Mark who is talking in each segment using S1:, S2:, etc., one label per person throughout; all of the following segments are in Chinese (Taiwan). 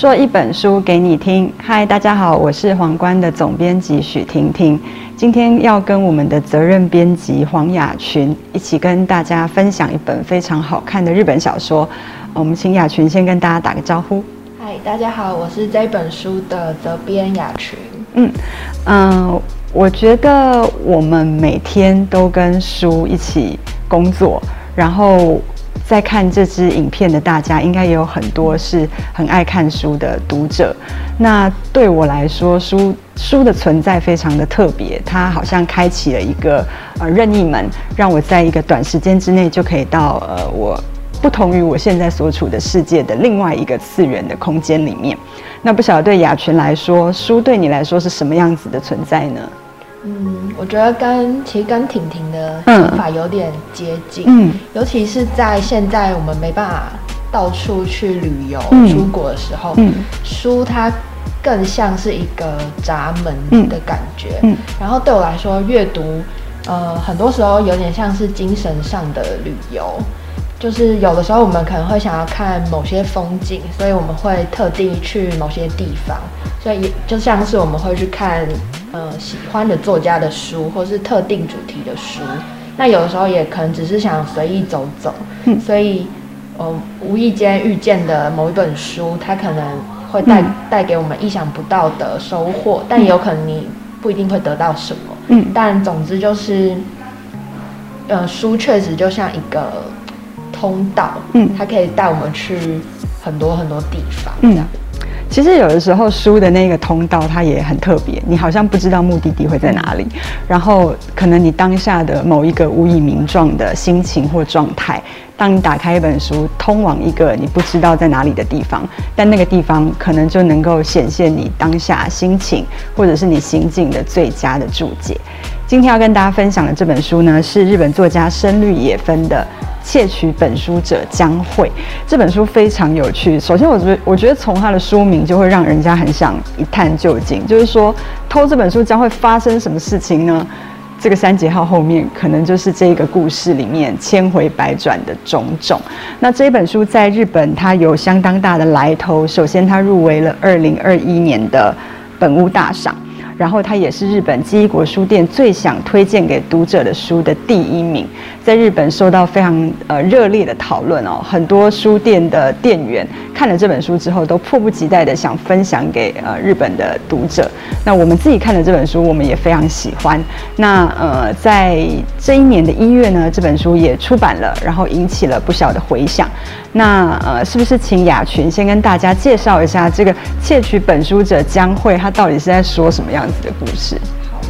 S1: 說一本書給你聽。嗨，大家好，我是皇冠的總編輯許婷婷，今天要跟我們的責任編輯黃雅群一起跟大家分享一本非常好看的日本小說。我們請雅群先跟大家打個招呼。
S2: 嗨，大家好，我是這本書的責編雅群。嗯
S1: 嗯，呃，我覺得我們每天都跟書一起工作，然後。在看這支影片的大家，應該也有很多是很愛看書的讀者。那對我來說，書書的存在非常的特別，它好像開啟了一個呃任意門，讓我在一個短時間之內就可以到呃我不同於我現在所處的世界的另外一個次元的空間裡面。那不曉得對雅群來說，書對你來說是什麼樣子的存在呢？
S2: 嗯，我覺得跟其實跟婷婷的想法有點接近，uh，嗯，尤其是在現在我們沒辦法到處去旅遊，嗯，出國的時候，嗯，書它更像是一個閘門的感覺，嗯嗯，然後對我來說，閱讀，呃，很多時候有點像是精神上的旅遊。就是有的時候，我們可能會想要看某些風景，所以我們會特地去某些地方，所以就像是我們會去看，呃，喜歡的作家的書，或是特定主題的書。那有的時候也可能只是想隨意走走，所以，呃，無意間遇見的某一本書，它可能會帶帶給我們意想不到的收穫，但也有可能你不一定會得到什麼。嗯，但總之就是，呃，書確實就像一個。通道，嗯，它可以帶我們去很多很多地方，
S1: 嗯，嗯，其實有的時候書的那個通道，它也很特別，你好像不知道目的地會在哪裡，嗯、然後可能你當下的某一個無以名狀的心情或狀態，當你打開一本書，通往一個你不知道在哪裡的地方，但那個地方可能就能夠顯現你當下心情或者是你心境的最佳的注解。今天要跟大家分享的這本書呢，是日本作家深綠野分的，竊取本書者將會，這本書非常有趣。首先，我覺得，我覺得從它的書名就會讓人家很想一探究竟。就是說，偷這本書將會發生什麼事情呢？這個三節號後面可能就是這個故事裡面千回百轉的種種。那這本書在日本它有相當大的來頭。首先，它入圍了二零二一年的本屋大賞。然後它也是日本紀伊國屋書店最想推薦給讀者的書的第一名，在日本受到非常呃熱烈的討論哦，很多書店的店員看了這本書之後都迫不及待的想分享給呃日本的讀者。那我們自己看的這本書，我們也非常喜歡。那呃，在這一年的一月呢，這本書也出版了，然後引起了不小的回響。那呃，是不是請雅群先跟大家介紹一下這個竊取本書者將會他到底是在說什麼樣的的故事。
S2: 好，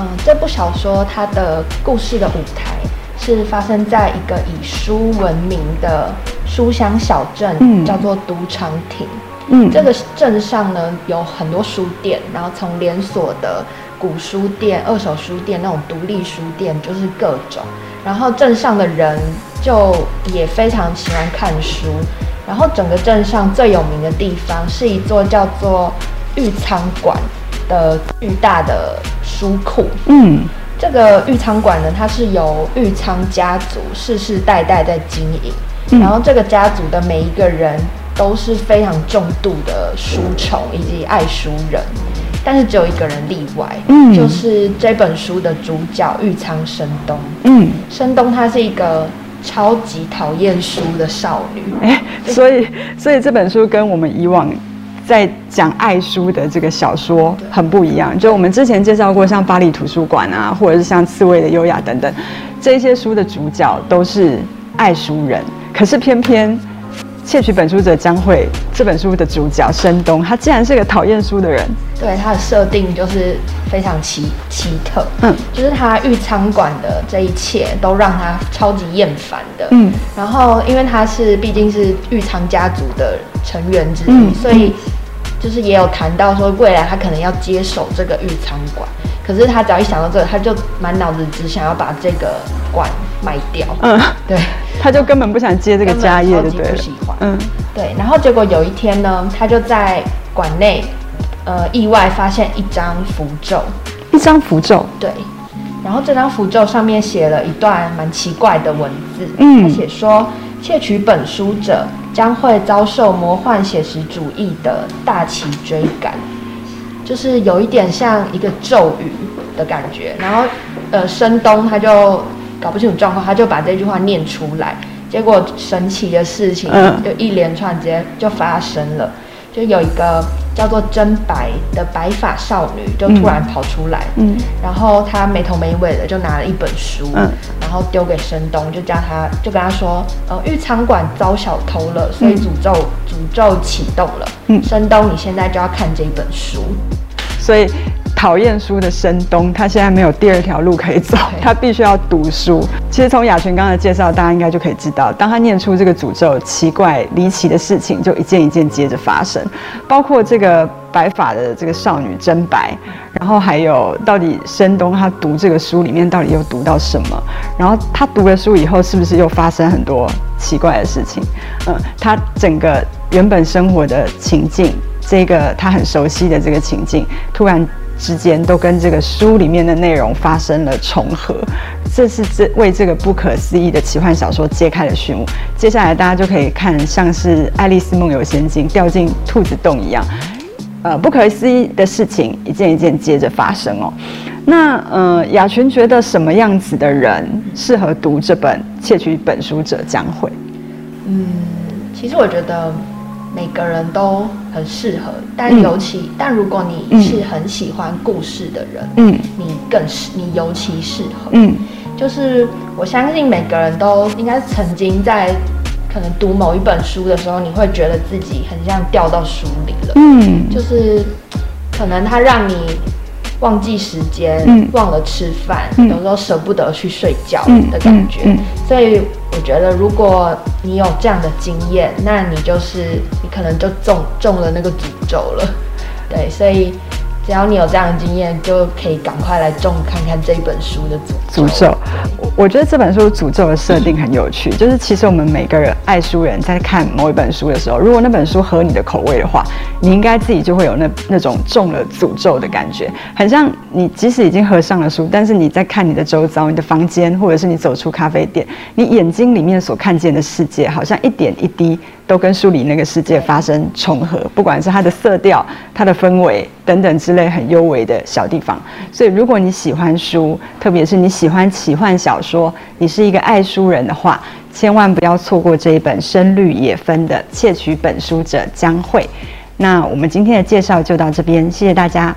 S2: 嗯，這部小說它的故事的舞台是發生在一個以書聞名的書香小鎮，嗯、叫做讀長町。嗯，這個鎮上呢有很多書店，然後從連鎖的古書店、二手書店，那種獨立書店，就是各種。然後鎮上的人就也非常喜歡看書。然後整個鎮上最有名的地方是一座叫做御倉館，的巨大的書庫，嗯，這個玉倉館呢，它是由玉倉家族世世代代，代在經營，嗯，然後這個家族的每一個人都是非常重度的書蟲以及愛書人，但是只有一個人例外，嗯，就是這本書的主角玉倉深冬，嗯，深冬她是一個
S1: 超級討厭書的少女，哎，所以所以這本書跟我們以往。在講愛書的這個小說很不一樣，就我們之前介紹過，像《巴黎圖書館》啊，或者是像《刺蝟的優雅》等等，這些書的主角都是愛書人。可是偏偏竊取本書者將會這本書的主角深冬，他竟然是個討厭書的人。
S2: 對，他的設定就是非常奇奇特。嗯，就是他御倉館的這一切都讓他超級厭煩的。嗯，然後因為他是畢竟是御倉家族的成員之一，嗯，所以。嗯就是也有談到說，未來他可能要接手這個御倉館，可是他只要一想到這個，他就滿腦子只想要把這個館賣掉。嗯，
S1: 對，他就根本不想接這個家業，不喜歡？嗯，
S2: 對。然後結果有一天呢，他就在館內，呃，意外發現一張符咒，
S1: 一張符咒，
S2: 對。然後這張符咒上面寫了一段蠻奇怪的文字，嗯，他寫說。竊取本書者將會遭受魔幻寫實主義的大旗追趕，就是有一點像一個咒語的感覺。然後，呃，深冬他就搞不清楚狀況，他就把這句話念出來，結果神奇的事情就一連串直接就發生了，就有一個。叫做真白的白髮少女就突然跑出來，嗯嗯、然後她沒頭沒尾的就拿了一本書，嗯、然後丟給深冬，就叫他，就跟他說，呃，御倉館遭小偷了，所以詛咒詛咒啟動了，嗯，深冬你現在就要看這本書，
S1: 所以。討厭書的深冬，他現在沒有第二條路可以走，他必須要讀書。其實從雅群剛才介紹，大家應該就可以知道，當他念出這個詛咒，奇怪離奇的事情就一件一件接着發生，包括這個白髮的這個少女真白，然後還有到底深冬他讀這個書裡面到底又讀到什麼，然後他讀了書以後，是不是又發生很多奇怪的事情？嗯，他整個原本生活的情境，這個他很熟悉的這個情境，突然。之間都跟這個書裡面的內容發生了重合，這是這為這個不可思議的奇幻小說揭開了序幕。接下來大家就可以看，像是《愛麗絲夢遊仙境》掉進兔子洞一樣，呃，不可思議的事情一件一件接着發生哦。那呃，雅群覺得什麼樣子的人適合讀這本《竊取本書者將會》？
S2: 嗯，其實我覺得。每個人都很適合，但尤其，嗯，但如果你是很喜歡故事的人，嗯，你更適，你尤其適合，嗯，就是我相信每個人都應該曾經在可能讀某一本書的時候，你會覺得自己很像掉到書裡了，嗯，就是可能它讓你。忘記時間，嗯，忘了吃飯，有時候捨不得去睡覺的感覺。嗯嗯嗯，所以我覺得，如果你有這樣的經驗，那你就是你可能就中中了那個詛咒了。對，所以只要你有這樣的經驗，就可以趕快來中看看這一本書的詛
S1: 咒，詛咒。我覺得這本書詛咒的設定很有趣，就是其實我們每個人愛書人在看某一本書的時候，如果那本書合你的口味的話，你應該自己就會有那那種中了詛咒的感覺，很像你即使已經合上了書，但是你在看你的周遭、你的房間，或者是你走出咖啡店，你眼睛裡面所看見的世界，好像一點一滴都跟書裡那個世界發生重合，不管是它的色調、它的氛圍等等之類很幽微的小地方。所以如果你喜歡書，特別是你喜歡奇幻小說，說你是一個愛書人的話，千萬不要錯過這一本深綠野分的《竊取本書者將會》。那我們今天的介紹就到這邊，謝謝大家。